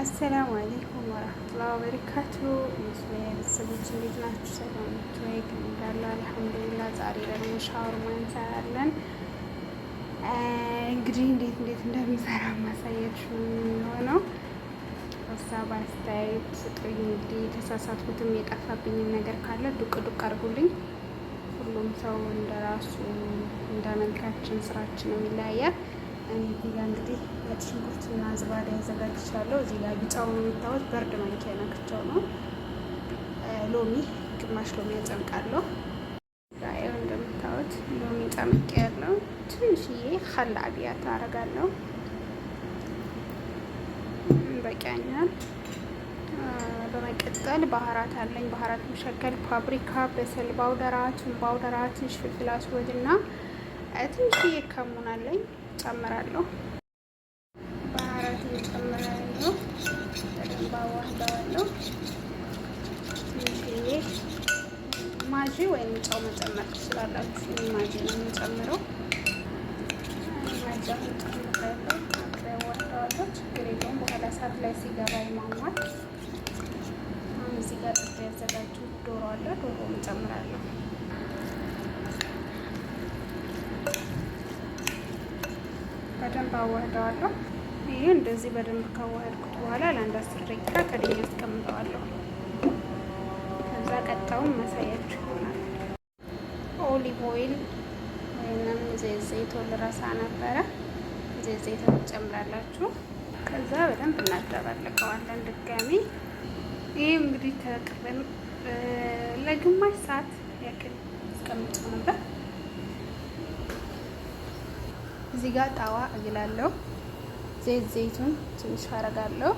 አሰላሙ አለይኩም ወረህመቱላሂ ወበረካቱ። ሙስሊም ቤተሰቦች እንዴት ናችሁ? ሰላም ወይ? እንዳለ አልሐምዱሊላህ። ዛሬ ደግሞ ሻወርማ እንሰራለን። እንግዲህ እንዴት እንዴት እንደሚሰራ ማሳያችሁ የሚሆነው ሀሳብ አስተያየት ስጡኝ። እንግዲህ የተሳሳትኩትም የጠፋብኝም ነገር ካለ ዱቅ ዱቅ አድርጉልኝ። ሁሉም ሰው እንደራሱ እንደ መልካችን ስራችንም ይለያያል። እዚህ ጋር እንግዲህ ነጭ ሽንኩርትና ዝባዳ ያዘጋጅቻለሁ። እዚህ ጋር ቢጫው የሚታወቅ በርድ ማንኪያ ነክቸው ነው። ሎሚ ግማሽ ሎሚ ያጨምቃለሁ። ያው እንደምታዩት ሎሚ ጨምቄ ያለው ትንሽዬ ሀላ አብያት አረጋለሁ። በቂያኛል። በመቀጠል ባህራት አለኝ። ባህራት መካከል ፓብሪካ፣ በሰል ባውደራ፣ ቱን ባውደራ፣ ትንሽ ፍልፍል አስወድ እና ትንሽዬ ከሙን አለኝ። ጨምራለሁ። ባህራት እየጨምራለሁ። በደንብ አዋህደዋለሁ። ማጂ ወይም ጨው መጨመር ትችላላችሁ። ማጂ ነው የምንጨምረው። ማጃ ጨምራለሁ። አዋህደዋለሁ። ችግር የለውም። በኋላ ሰዓት ላይ ሲገባ ይሟሟል። አሁን እዚህ ጋር ጥሬ ያዘጋጁ ዶሮ አለ። ዶሮ እንጨምራለሁ በደንብ አዋህደዋለሁ። ይህ እንደዚህ በደንብ ካዋህድኩት በኋላ ለአንድ አስር ደቂቃ ከድኝ አስቀምጠዋለሁ። ከዛ ቀጣውን መሳያችሁ ይሆናል። ኦሊቭ ኦይል ወይም ዘይት ልረሳ ነበረ። ዘይት ትጨምራላችሁ። ከዛ በደንብ እናደባልቀዋለን ድጋሚ። ይህ እንግዲህ ተቅርበን ለግማሽ ሰዓት ያክል አስቀምጬው ነበር። እዚህ ጋር ጣዋ እግላለሁ። ዘይት ዘይቱን ትንሽ አረጋለሁ።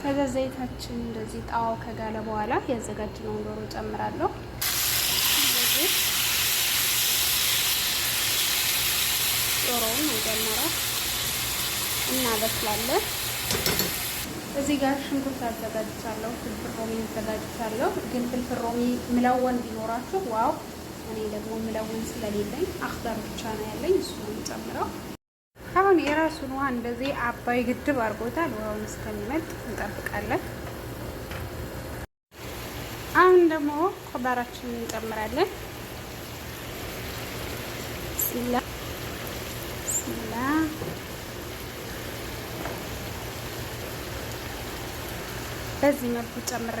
ከዛ ዘይታችን እንደዚህ ጣዋው ከጋለ በኋላ ያዘጋጀነውን ዶሮ ጨምራለሁ። ዶሮውን መጀመራ እናበስላለን። እዚህ ጋር ሽንኩርት አዘጋጅቻለሁ። ፍልፍል ሮሚ አዘጋጅቻለሁ። ግን ፍልፍል ሮሚ ምለወን ቢኖራችሁ ዋው! እኔ ደግሞ ምለወን ስለሌለኝ አክዳር ብቻ ነው ያለኝ። ነው ጨምረው አሁን የራሱን ውሃ እንደዚህ አባይ ግድብ አድርጎታል። ውሃውን እስከሚመጥ እንጠብቃለን። አሁን ደግሞ ኮባራችንን እንጨምራለን። በዚህ መልኩ ጨምሬ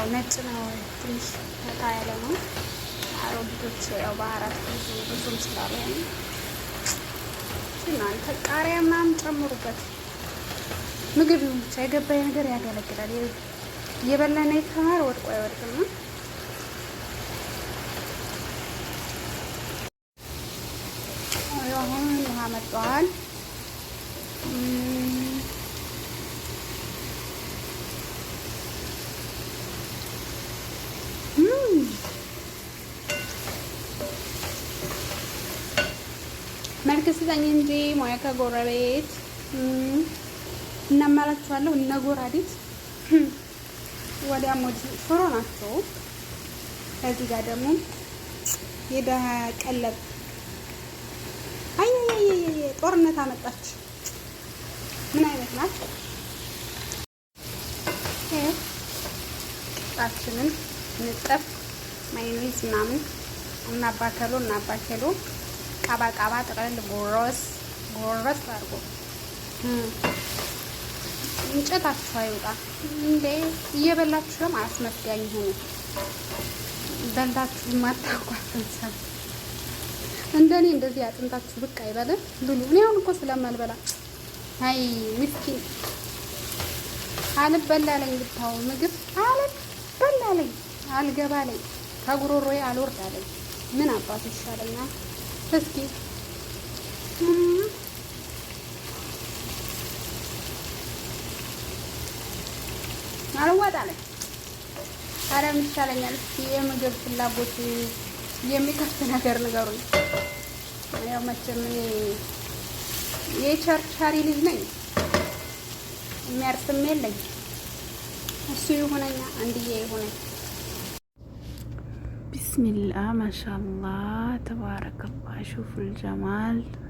ያው ነጭ ነው፣ ትንሽ ፈታ ያለ ነው። አሮጊቶች ያው ባህራት ብዙም ስላለ እናንተ ቃሪያ ምናምን ጨምሩበት። ምግብ ነው ብቻ የገባኝ ነገር ያገለግላል። የበላና የተማር ወድቆ አይወድቅም። አሁን ውሃ መጥቷል። ያልከስተኝ እንጂ ሞያ ከጎረቤት እናማላችኋለሁ። እነ ጎራዲት ወዲያ ሞድ ሽሮ ናቸው። ከዚህ ጋር ደግሞ የደሃ ቀለብ አይ ጦርነት አመጣች። ምን አይነት ናት? ጣችንን ንጠፍ ማይነዝ ምናምን እናባከሎ እናባከሎ ቃባቃባ ጥቅልል ጎረስ ጎረስ አድርጎ እንጨታችሁ አይውጣ እንዴ! እየበላችሁም አስመጋኝ ሁኑ። በልታችሁ ማታቋጥን ሰው እንደኔ እንደዚህ አጥንታችሁ ብቅ አይበልም። ብሉ። እኔ አሁን እኮ ስለማልበላ አይ ምስኪን አልበላለኝ። ብታው ምግብ አልበላለኝ፣ አልገባለኝ፣ ከጉሮሮዬ አልወርዳለኝ። ምን አባቱ ይሻለኛል? እስኪ አልዋጣ ላይ ኧረ ምን ይሻለኛል? እስኪ የምግብ ፍላጎት የሚከፍት ነገር ንገሩኝ። ያው መቼም እኔ የቸርቻሪ ልጅ ነኝ፣ የሚያርስም የለኝ። እሱ ይሁነኛ አንድዬ ይሁነኝ። بسم الله ما شاء الله تبارك الله شوفوا الجمال